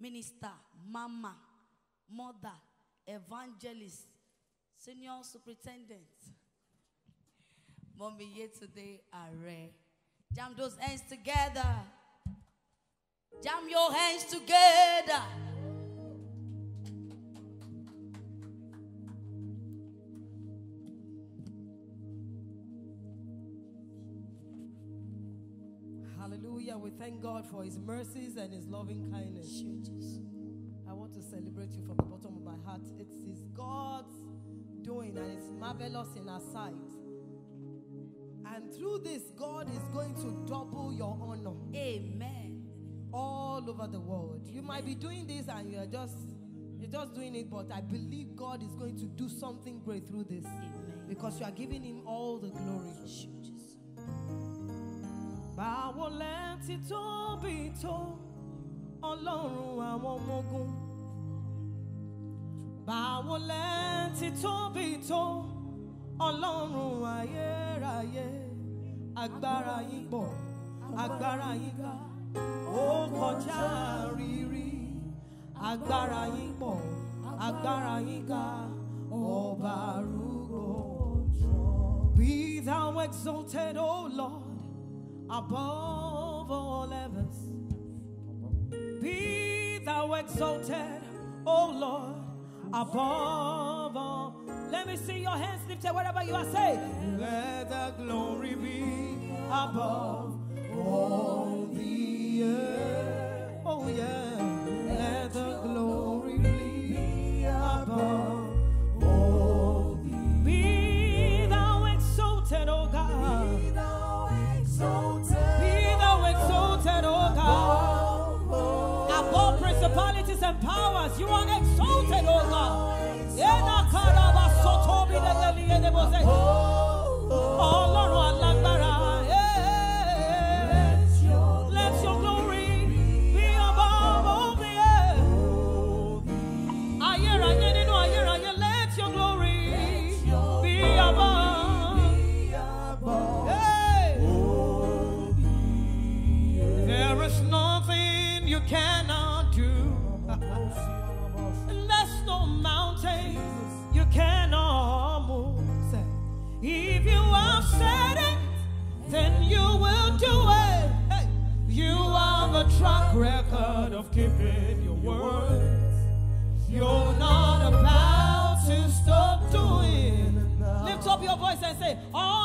minister, mama, mother, evangelist, senior superintendent. Mommy, here today, Are. Jam those hands together. Jam your hands together. Hallelujah. We thank God for his mercies and his loving kindness. I want to celebrate you from the bottom of my heart. It is God's doing and it's marvelous in our sight. And through this, God is going to double your honor. Amen. All over the world. You might be doing this and you're just you're just doing it, but I believe God is going to do something great through this. Amen. Because you are giving him all the glory. báwo lẹ ti tóbi tó ọlọ́run àwọn ọmọ báwo lẹ ti tóbi tó ọlọ́run ayérayé agbára yín pọ̀ agbára yín ga ó kọjá rírí agbára yín pọ̀ agbára yín ga ọba arúgbó. Be thou exalted, O Lord. above all others. Be thou exalted, O Lord, above all. Let me see your hands lifted wherever you are. Say, Let the glory be above all the earth. Oh, yeah. and powers. You are exalted, O oh God. of keeping your words. You're not about to stop doing. Lift up your voice and say, oh,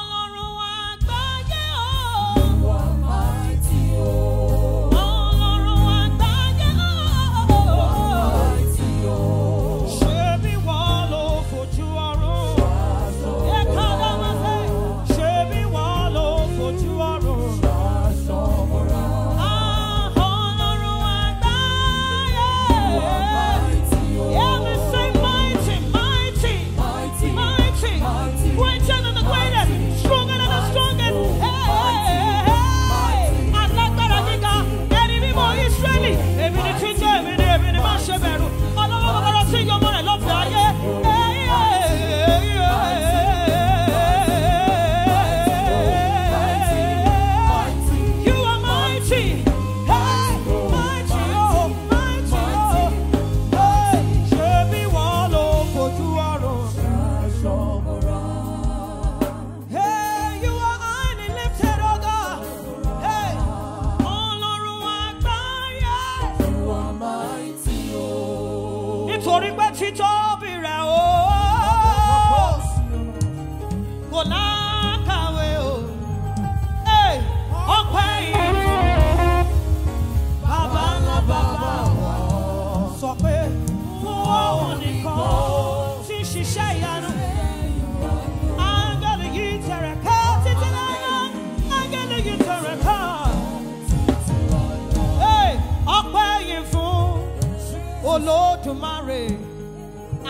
olódùmarè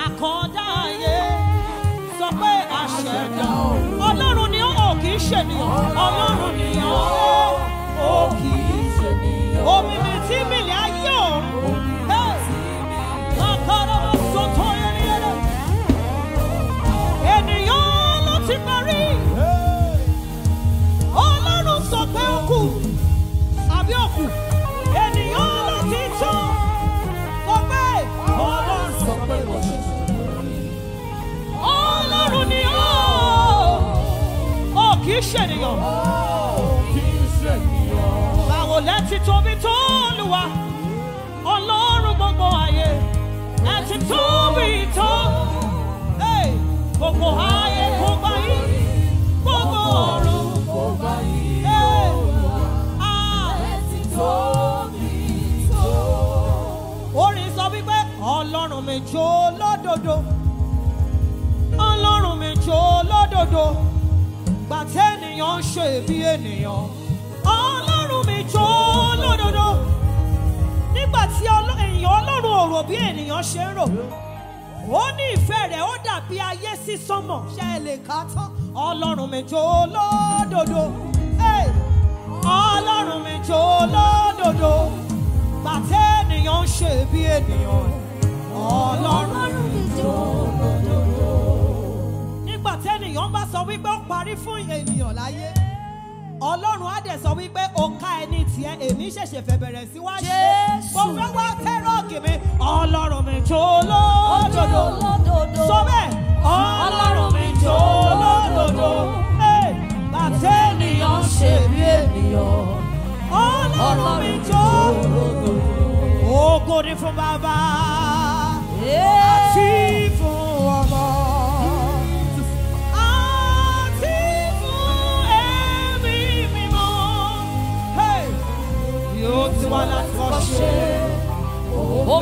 àkàndá ayé sọ pé àṣẹdá ọlọ́run ni ó kì í ṣènìyàn ọlọ́run ni ó kì í ṣènìyàn omi mi tí mìlẹ̀ ayé òun ọ̀kọ́rọ̀ sọ tó yẹn ni ẹ̀rọ ènìyàn ló ti parí. kì í ṣènìyàn. Báwo lẹ ti tóbi tó Olúwa Ọlọ́run gbogbo ayé ẹ ti tóbi tó gbogbo ayé kó gbà yín gbogbo ọ̀run kó gbà yín ẹ ti tóbi tó. Orin sọ wípé Ọlọ́run mi jó lódodo Ọlọ́run mi jó lódodo ìgbà tẹ́nìyàn ń ṣe bí ènìyàn ọlọ́run mi jó lódodo nígbà tí èèyàn ọlọ́run ò rò bí ènìyàn ṣe ń rò ó ní ìfẹ́ rẹ̀ ó dàbí ayé sísánmọ̀ ṣe é lè ká tán ọlọ́run mi jó lódodo ọlọ́run mi jó lódodo ìgbà tẹ́nìyàn ń ṣe bí ènìyàn ọlọ́run mi jó lódodo tẹ́nìyàn bá sọ wípé ó parí fún ènìyàn láyé ọlọ́run á dẹ̀ sọ wípé o ká ẹni tiẹ̀ èmi ṣẹ̀ṣẹ̀ fẹ́ bẹ̀rẹ̀ sí wá ṣe mo fẹ́ wá kẹ́rọ̀ọ̀kì mi ọlọ́run mi jó lódodo sọ bẹ́ẹ̀ ọlọ́run mi jó lódodo bàtẹ́nìyàn ṣe bí ènìyàn ọlọ́run mi jó lódodo ògo ni fún bàbá àti. au au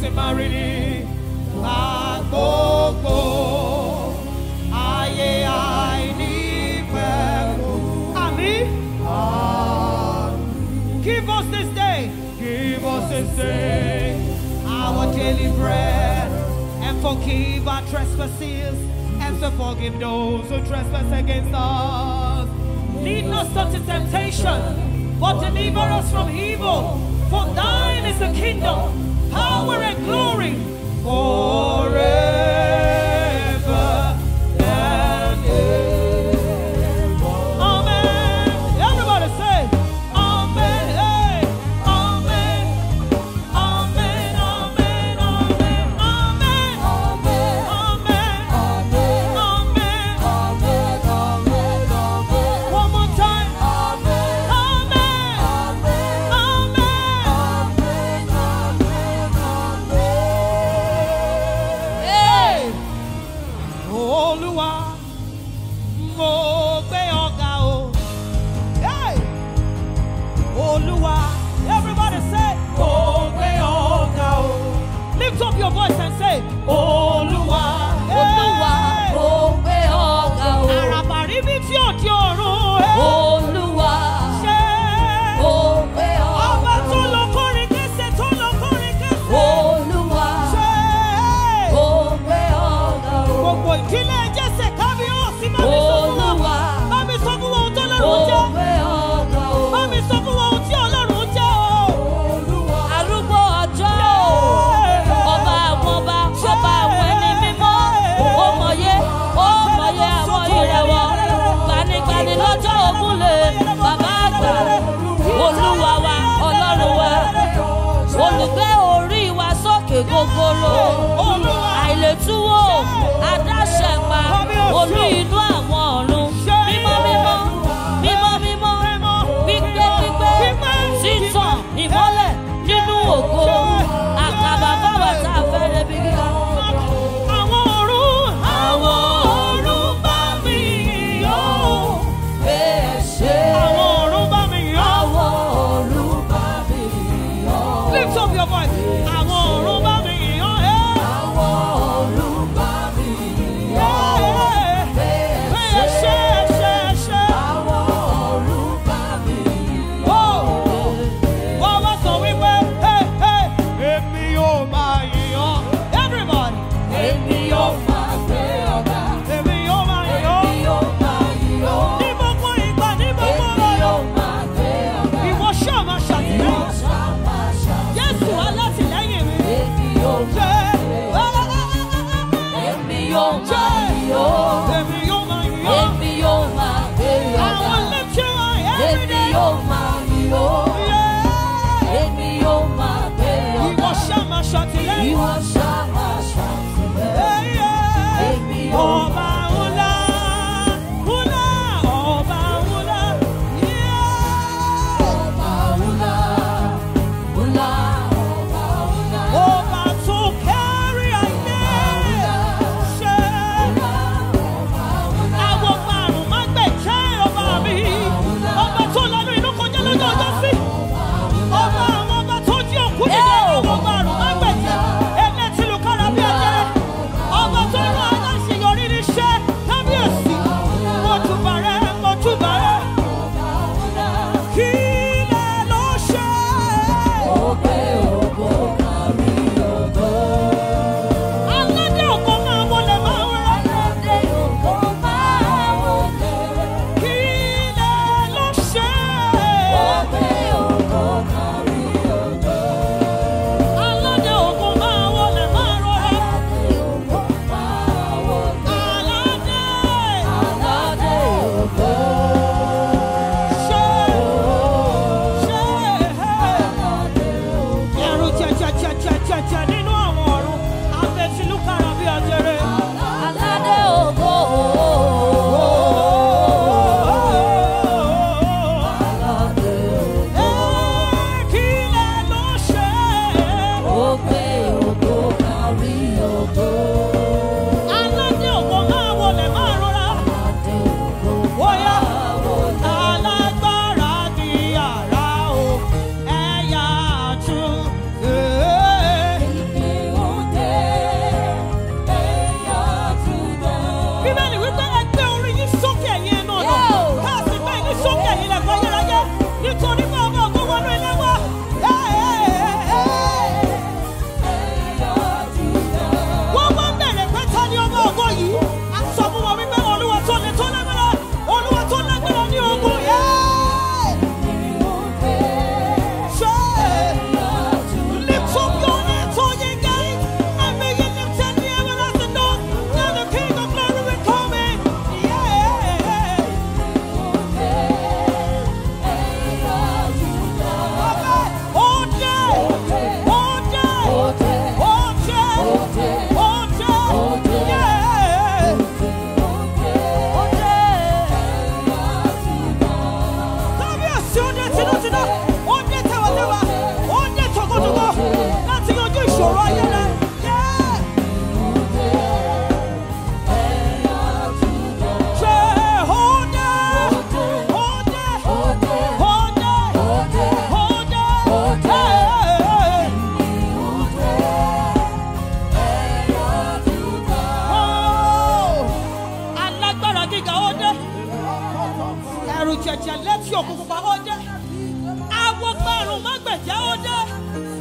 Semarini, coco, aïe aïe ni Ami? Give us this day. our daily bread and forgive our trespasses and so forgive those who trespass against us. Lead us not into temptation, but deliver us from evil. For thine is the kingdom, power, and glory forever.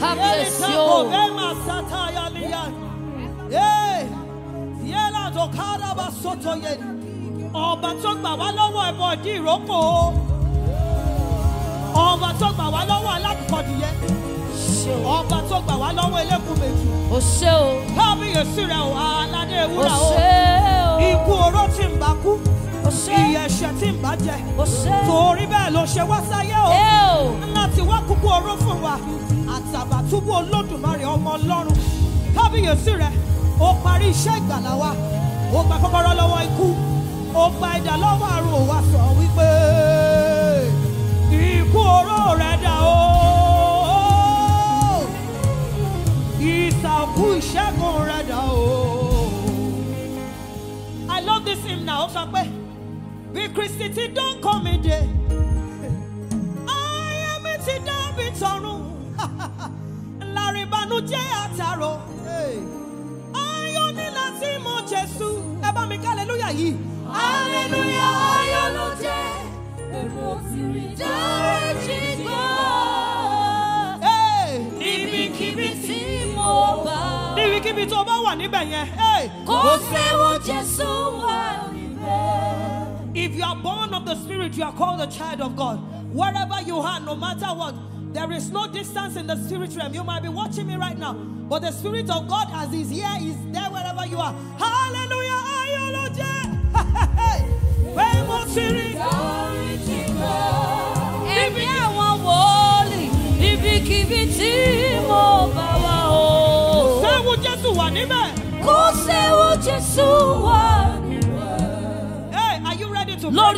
have eh, mercy. Ọba tó gbà wá lọ́wọ́ ẹbọ ìdí ìrókò o. Ọba tó gbà wá lọ́wọ́ alákọ̀ọ́dìyẹ. Ọba tó gbà wá lọ́wọ́ elékun méjì. O ṣé o. Kábíyèsí rẹ̀ o, aládé ewúrà o. O ṣé o. Ikú oró tí ń bá kú. O ṣé. Ìyẹ̀ṣẹ̀ tí ń bá jẹ. O ṣé. Torí bẹ́ẹ̀ ló ṣe wá sáyé o. Láti wá kúkú oró fún wa àbàtúbú olódùmarè ọmọ ọlọ́run kábíyèsí rẹ ó parí iṣẹ́ ìgbàlá wa ó gba kọ́kọ́rọ́ lọ́wọ́ ikú ó gba idà lọ́wọ́ àrùn òwa sọ wípé ikú oró rẹ dà o ìsàkú ìṣẹ́gun rẹ dà o. I love this hymn now ó sọ pé bí Kristi ti dán kọ́ mi dé ayé mi ti dábì tọ̀run. orin ìbànújẹ́ àtàrò. ayọ̀ ní láti mọ Jésù ẹ bá mi kálẹ́lúyà yìí. aleluya ayọ̀ ló jẹ́ èmo ti rí dáríjì gbọ́. níbikíbi tí mo bá. mi hallelujah yii Hallelujah, ayo bá wà Hey, gbo yẹn. kò séwọ́ Jésù wà níbẹ̀. If you are born of the Spirit, you are called a child of God. Wherever you are, no matter what, there is no distance in the spirit realm. You might be watching me right now, but the Spirit of God, as He's here, is there wherever you are. Hallelujah. Hey, are you ready to? Lord,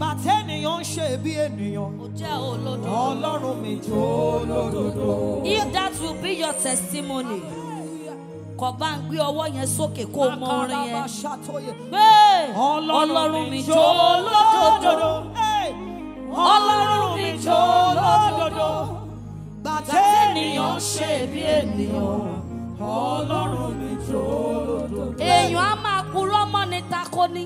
bàtẹ́ ènìyàn ń ṣe bí ènìyàn. ó jẹ́ olódodo. ọlọ́run mi jó olódodo. if that will be your testimony kò bá ń gbé ọwọ́ yẹn sókè kó mọ orin yẹn. gbé ọlọ́run mi jó olódodo. ọlọ́run mi jó olódodo. bàtẹ́ ènìyàn ń ṣe bí ènìyàn. ọlọ́run mi jó olódodo. èèyàn á máa kú lọ́mọ́ ní takoni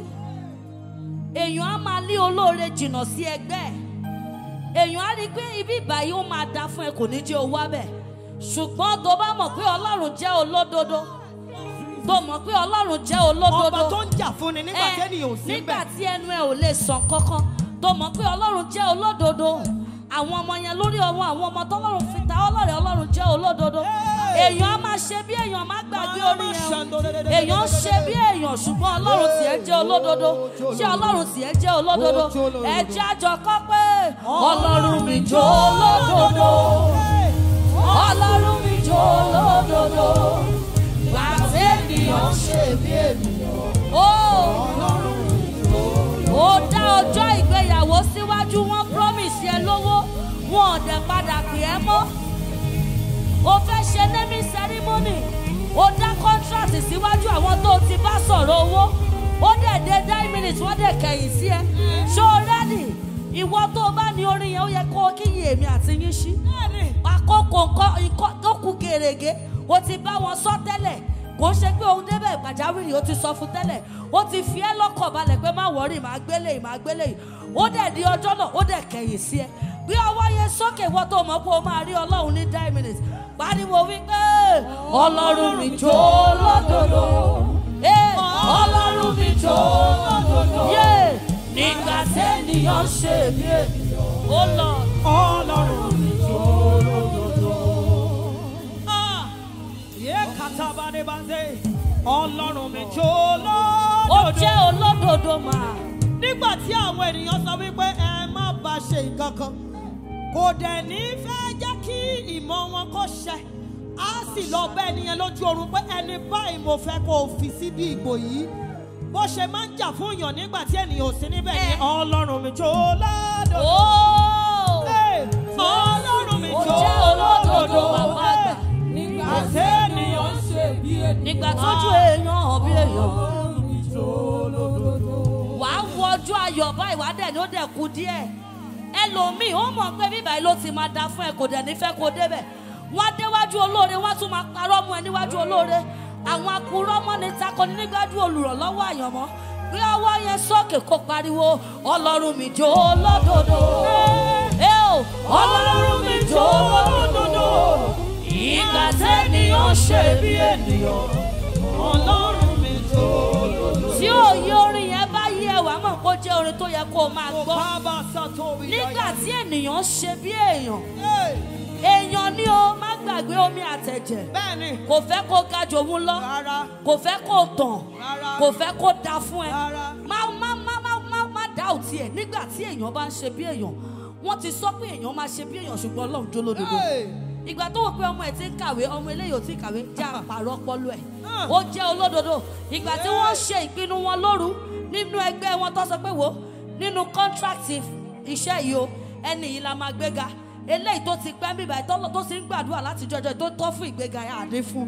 èèyàn á máa lé olóore jìnnà sí ẹgbẹ́ ẹ̀ èèyàn á rí i pé ibi ìbàyí ó máa da fún ẹ kò ní jẹ́ owó abẹ ṣùgbọ́n tó bá mọ̀ pé ọlọ́run jẹ́ olódodo tó mọ̀ pé ọlọ́run jẹ́ olódodo ọba tó ń jà fúnni nígbà tí ẹnìyàn ò sí bẹ́ẹ̀ nígbà tí ẹnu ẹ ò lè sàn kankan tó mọ̀ pé ọlọ́run jẹ́ olódodo àwọn ọmọ yẹn lórí ọwọ́ àwọn ọmọ tọ́lọ́run fi ta ọlọ́rẹ̀ ọlọ́run jẹ́ olódodo èèyàn á máa ṣe bí èèyàn má gbàgbé orí yẹn èèyàn ń ṣe bí èèyàn ṣùgbọ́n ọlọ́run tiẹ̀ jẹ́ olódodo ṣé ọlọ́run tiẹ̀ jẹ́ olódodo ẹ jẹ́ àjọ kọ́ pé ọlọ́run mi jẹ́ olódodo ọlọ́run mi jẹ́ olódodo bàbá ènìyàn ṣe bí ènìyàn oh! ó dá ọjọ́ ìgbéyàwó síwájú wọn ẹ lówó wọn ò dẹ̀ padà pè ẹ́ mọ́ o fẹ́ ṣe naming ceremony o dá contract síwájú àwọn tó o ti bá sọ̀rọ̀ owó ó dẹ̀ dé nine minutes wọ́n dẹ̀ kẹ̀yìn sí ẹ ṣó rẹ́dì ìwọ tó o bá ní orin yẹn ó yẹ kó o kíyè èmi àti yín sí àkókò nǹkan ó kù gèrègé o ti bá wọn sọ tẹ́lẹ̀ kò ṣe pé òun débẹ̀ pàjáwìrì ó ti sọ fún tẹ́lẹ̀ ó ti fi ẹ́ lọ́kàn balẹ̀ pé má wọ́rì má gbélé má gbélé ó dẹ̀ di ọjọ́ náà ó dẹ̀ kẹ̀yìn sí ẹ gbé ọwọ́ yẹn sókè wọ́n tó mọ̀ pé o máa rí ọlọ́run ní ten minutes pariwo wípé ọlọ́run mi jó lódodo ọlọ́run mi jó lódodo nígbà tẹ́niyàn ṣe bí ènìyàn ọlọ́run. ọlọ́run mi jó lódodo. ó jẹ́ olódodo mà. nígbà tí àwọn ènìyàn sọ wípé ẹ má bá ṣe nǹkan kan kò dẹ̀ ní fẹ́ jẹ́ kí ìmọ̀ wọn kó ṣẹ á sì lọ bá ẹni yẹn lójú oorun pé ẹni báyìí mo fẹ́ kó o fi síbi ìgbò yìí bó ṣe máa ń jà fún èèyàn nígbà tí ènìyàn ò sí níbẹ̀ ni eh. ọlọ́run mi jó lódodo. Eh, ọlọ́run mi jó lódodo. Eh, àṣẹ nígbà tójú èèyàn ọ̀bí èèyàn wàá wọ ọjọ́ ayọ̀ báyìí wàá dẹ̀ ní ó dẹ̀ kú díẹ̀ ẹlòmíì ó mọ̀ pé bíbá yìí ló ti máa da fún ẹ kò dẹ̀ nífẹ̀ẹ́ kó débẹ̀ wọ́n á déwájú olóore wọ́n á tún máa parọ́ mọ́ ẹ níwájú olóore àwọn akurọ́ mọ́ ni takoni nígbàdú olùrànlọ́wọ́ àyànmọ́ gbé ọwọ́ yẹn sókè kó pariwo ọlọ́run mi jó lódodo oh, ọlọ́run mi jó lódodo ìgbà tẹ́niyàn ṣe bí ènìyàn ọlọ́run mi tó lòlò. tí òye orin yẹn bá yí ẹwà mọ̀ kó jẹ́ orin tó yẹ kó o máa gbọ́ nígbà tí ènìyàn ṣe bí èèyàn èèyàn ni o má gbàgbé omi àtẹ̀jẹ̀ kò fẹ́ kó ga jòun lọ kò fẹ́ kó tàn kò fẹ́ kó da fún ẹ má má má má má má dá òtí ẹ nígbà tí èèyàn bá ń ṣe bí èèyàn wọ́n ti sọ pé èèyàn máa ṣe bí èèyàn ṣùgbọ́n ọlọ́run jó lódodo ìgbà tó wò pé ọmọ ẹ̀ ti ń kàwé ọmọ eléyìí ò ti kàwé jẹ́ àpàrọ̀ ọpọlọ ẹ̀ ah. ó jẹ́ olódodo ìgbà tí wọ́n ṣe ìpinnu wọn lóru nínú ẹgbẹ́ wọn tó sọ pé wò nínú kọ́ńtrákìtì iṣẹ́ yìí o ẹni yìí la máa gbéga eléyìí tó ti pẹ́ ń bíbá ìtọ́lọ́ tó ti ń gbàdúrà láti jọjọ tó tọ́ fún ìgbéga àdé fún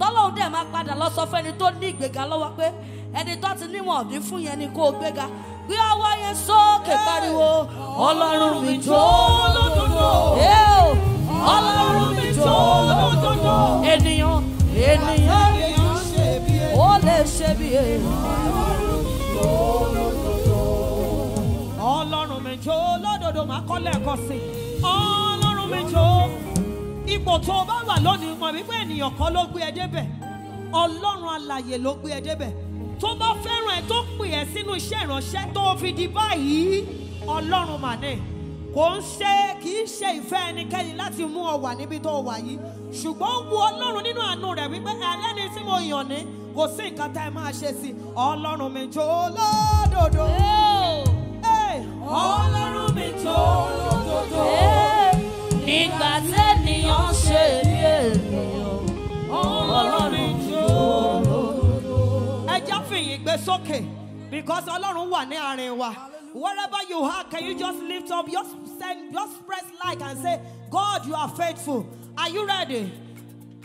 tọ́lọ́hún dẹ̀ máa padà lọ sọ fẹ́ni tó ní ìgbéga lọ́wọ́ pé ẹni tó ti níwọ̀n ọ̀dín fún yẹn ni kó gbéga gbé ọwọ́ yẹn sókè pariwo ọlọ́run mi jó lódodo ọlọ́run mi tó lódodo ènìyàn ènìyàn ó lè ṣe bí ènìyàn e. ọlọ́run mi jó lódodo máa kọ́ lẹ́ẹ̀kan sí i ọlọ́run mi jó ipò tó o bá wà lónìí mọ̀ wípé ènìyàn kan ló gbé ẹ débẹ̀ ọlọ́run alàyè ló gbé ẹ débẹ̀ tó bá fẹ́ràn ẹ tó pè ẹ́ sínú iṣẹ́ ìránṣẹ́ tó fi di báyìí ọlọ́run mà kò ń ṣe kì í ṣe ìfẹ́ ẹnikẹ́ni láti mú ọ wà níbi tó wà yìí ṣùgbọ́n ó wu ọlọ́run nínú àánú rẹ̀ wípé ẹlẹ́ni tí mo yàn ní kò sí nǹkan tá ẹ máa ṣe sí ọlọ́run mi jó lódodo. ọlọ́run mi jó lódodo. nígbà tẹ́nìyàn ṣe bí èrè ọlọ́run mi jó lódodo. ẹ já fìyìn gbé sókè because ọlọ́run wà ní àárín wa. Hallelujah. Wherever you are, can you just lift up, just send, just press like and say, God, you are faithful. Are you ready?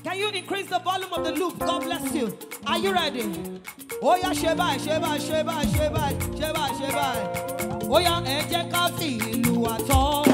Can you increase the volume of the loop? God bless you. Are you ready? Oh yeah, Sheba, Sheba, Sheba, Sheba, Sheba, Sheba. Oh yeah, Eje eh, Kafi, Ilu Atom.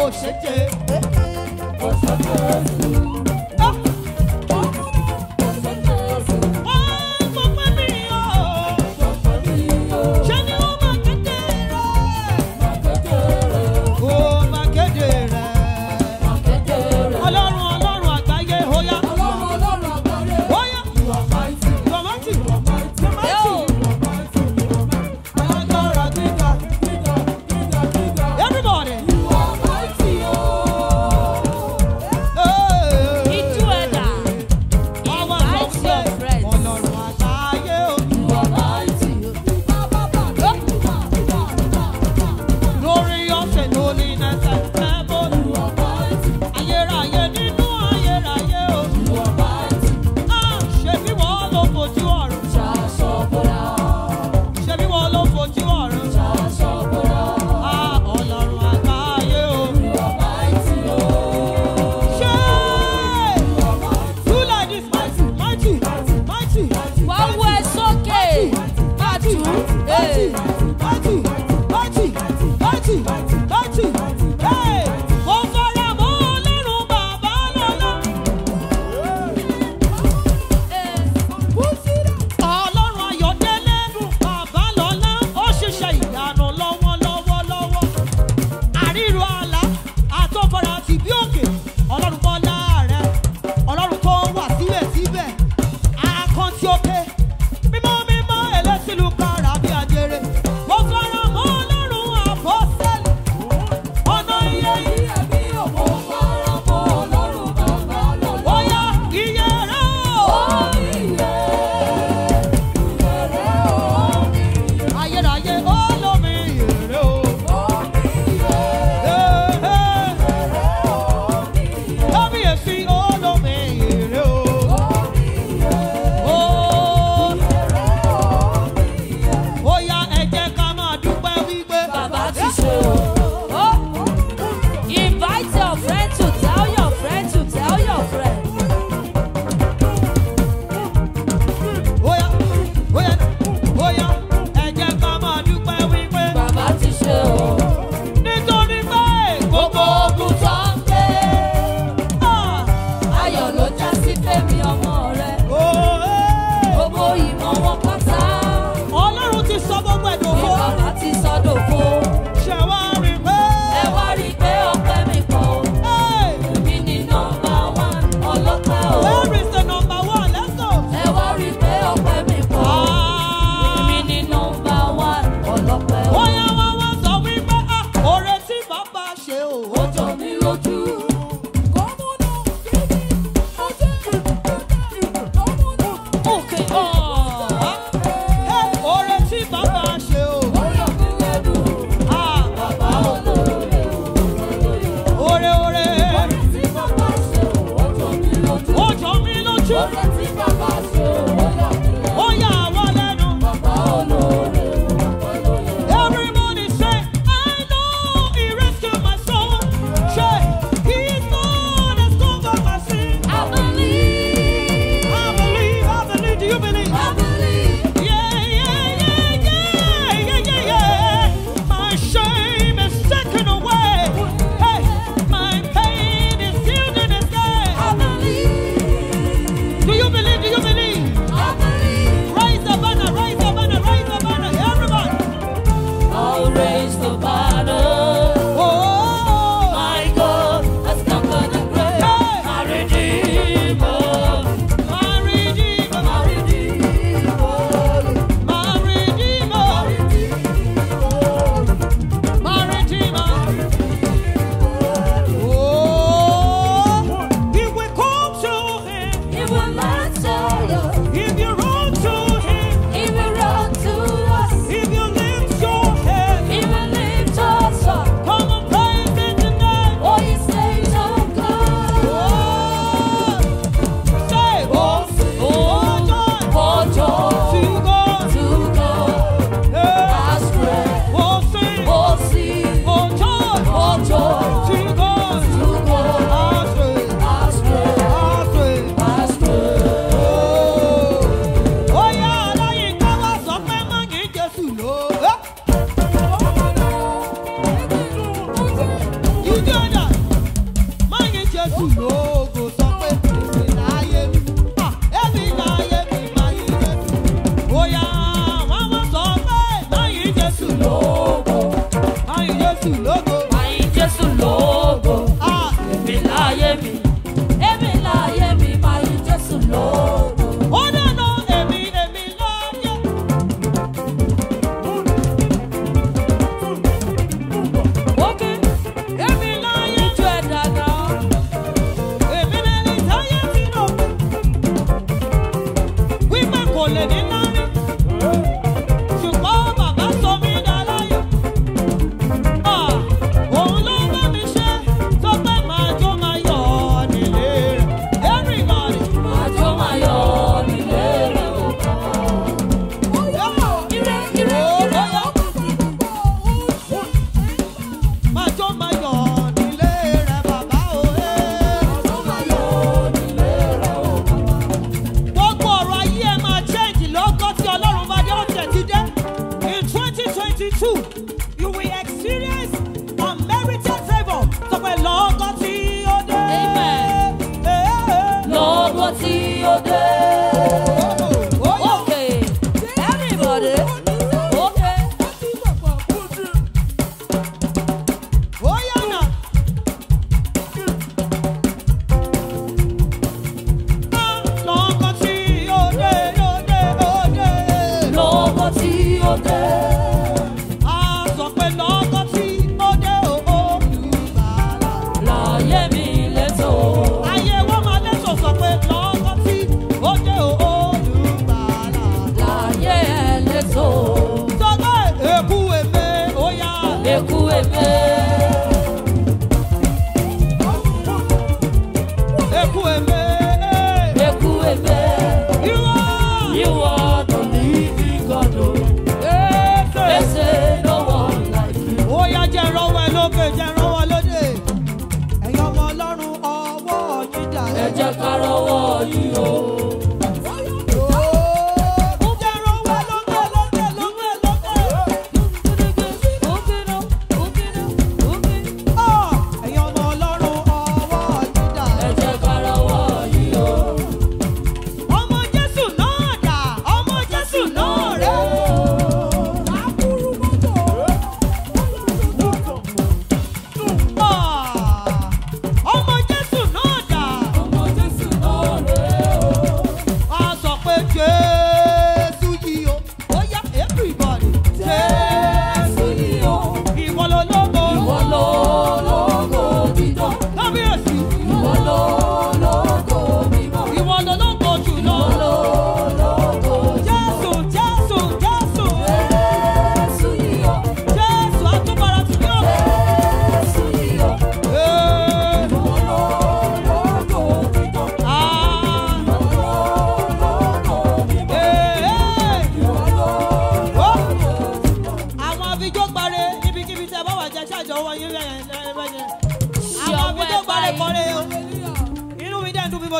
kò ṣe jẹ. kò sọ́kẹ́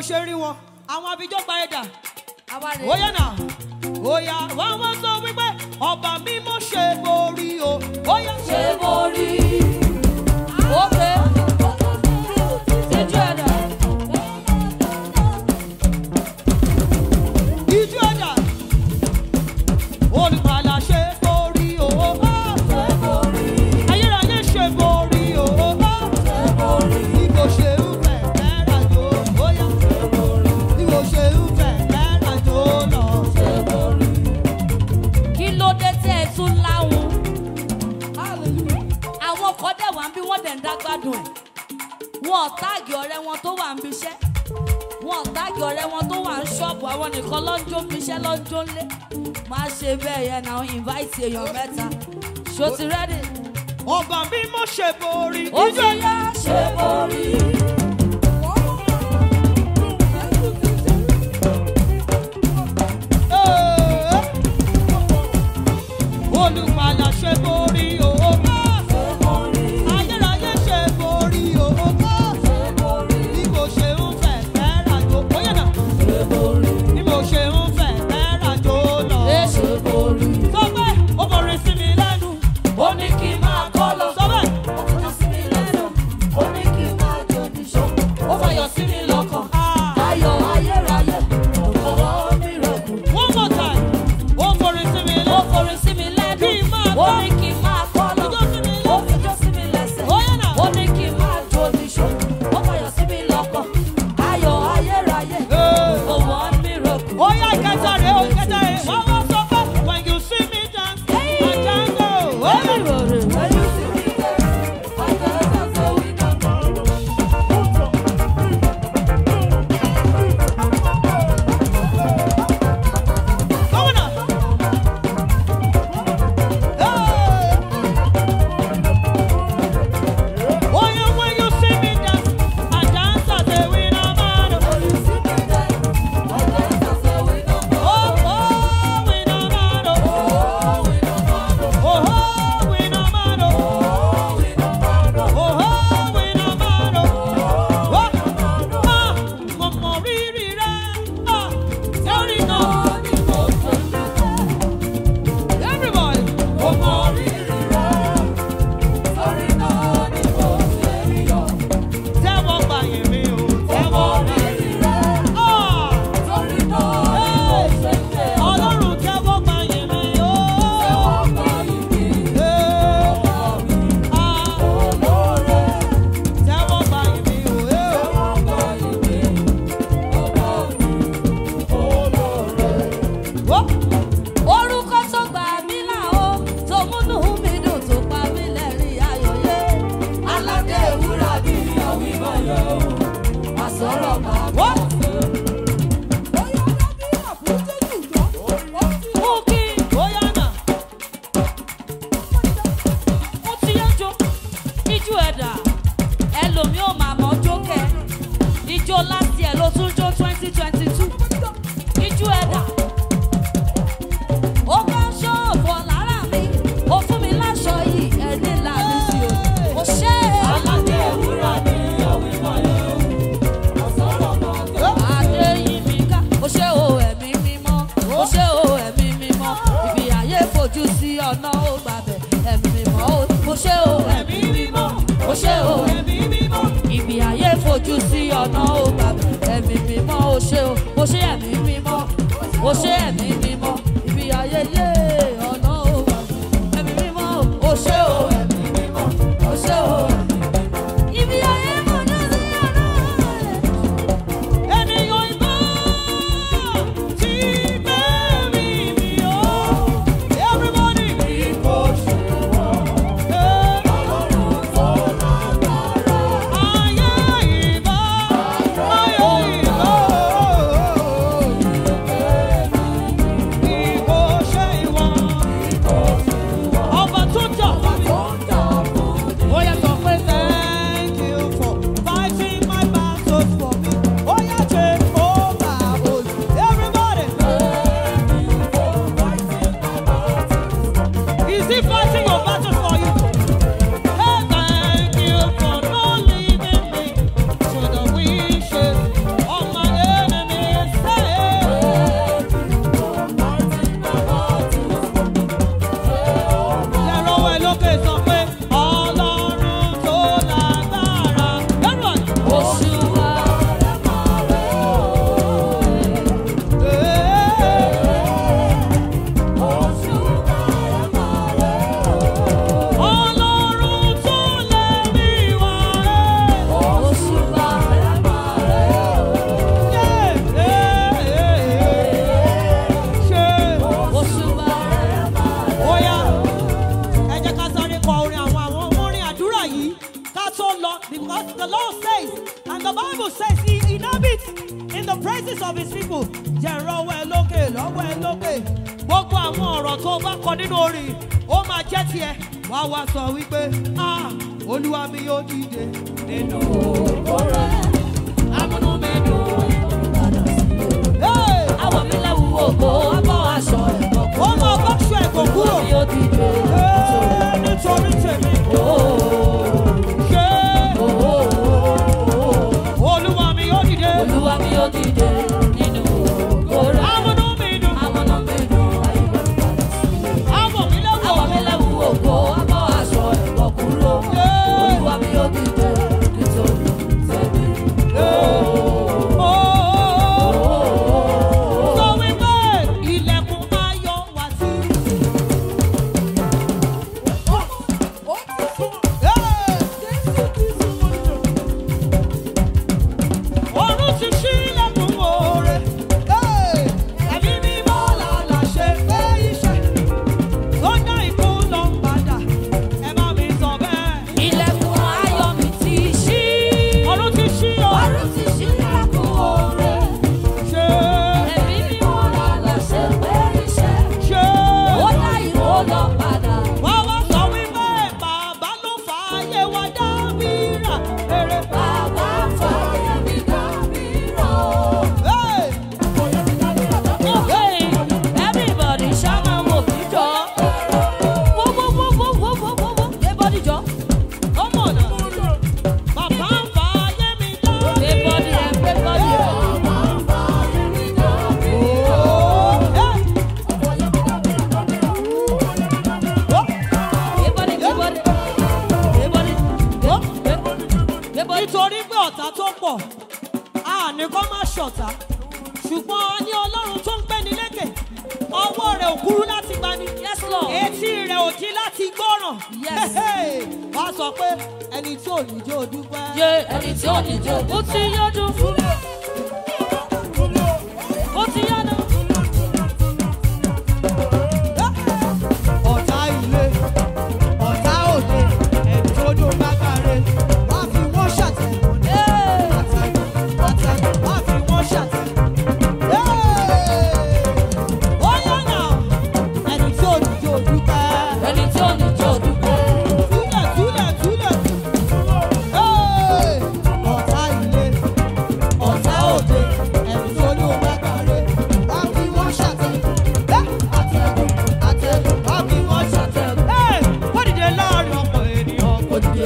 ṣe rí wọn àwọn abijọ́ gba ẹ̀dà óyá nà óyá wọn sọ wípé ọba mímọ́ ṣe borí o óyá ṣe borí. wọn ò táàgì ọ̀rẹ́ wọn tó wà ń bíṣẹ́ wọn ò táàgì ọ̀rẹ́ wọn tó wà ń ṣọ́ọ̀bù àwọn nìkan lọ́jọ́ ń bíṣẹ́ lọ́jọ́ ńlé máa ṣe bẹ́ẹ̀ yẹn náà invite èèyàn mẹ́ta ṣó ti rẹ́dì. ọba mi mo ṣe borí. ó ti ṣe borí. Lord, because the Lord says, and the Bible says, He inhabits in the praises of His people. Jẹ̀rọ wẹ̀ lókè lọ́wẹ̀ lókè. Gbogbo àwọn ọ̀rọ̀ tó bá kọ nínú orin, ó máa jẹ́ tiẹ̀. Wá wá "Ah, Olúwa mi yóò dìde." Nínú ìkórè, amúnú mi dùn ìbàdàn sí i. Àwọ̀ mi lẹ́wù ògbó, abọ́ aṣọ ẹ̀kọ́ kúrò. Ó máa bá aṣọ ẹ̀kọ́ kúrò. Olúwa mi yóò dìde.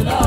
love.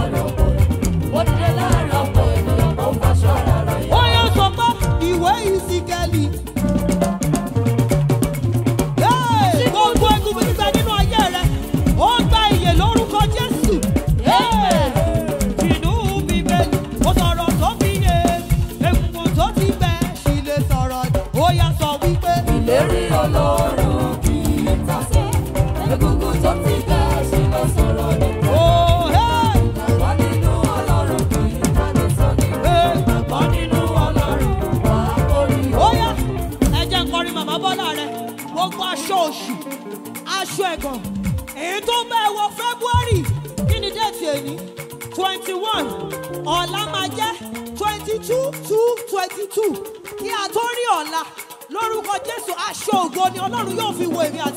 ni Ọlọ́run yóò fi wo èmi àti.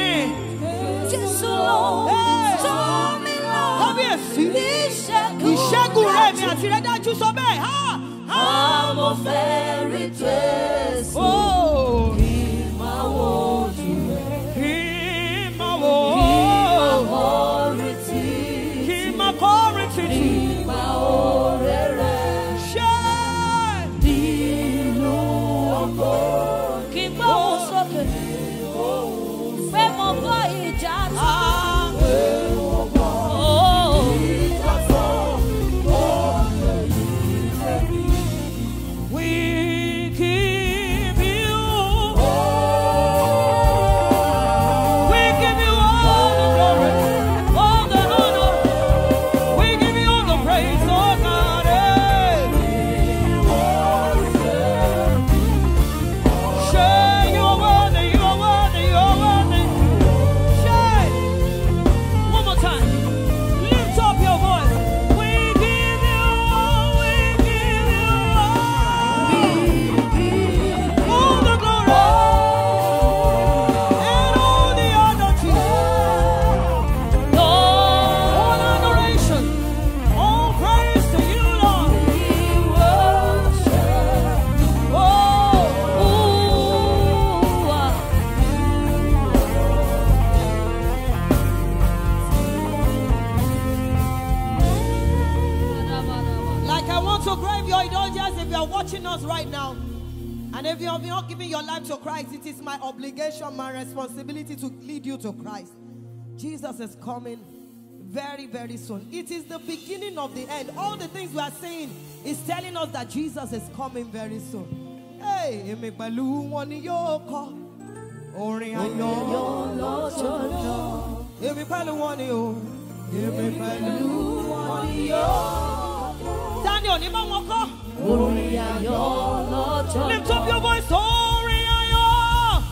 Johnny. Kábíyèsí. Ìṣẹ́gun rẹ̀ mi àti rẹ̀ dájú sọ bẹ́ẹ̀. Àmọ́ obligation, my responsibility to lead you to Christ. Jesus is coming very, very soon. It is the beginning of the end. All the things we are saying is telling us that Jesus is coming very soon. Hey, èmi pẹ̀lú wọn ni yóò kọ orin ayọ̀. Èmi pẹ̀lú wọn ni o. Èmi pẹ̀lú wọn ni yóò kọ. Daniel, Lift up your voice, oh.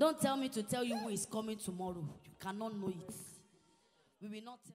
Don't tell me to tell you who is coming tomorrow. You cannot know it. We will not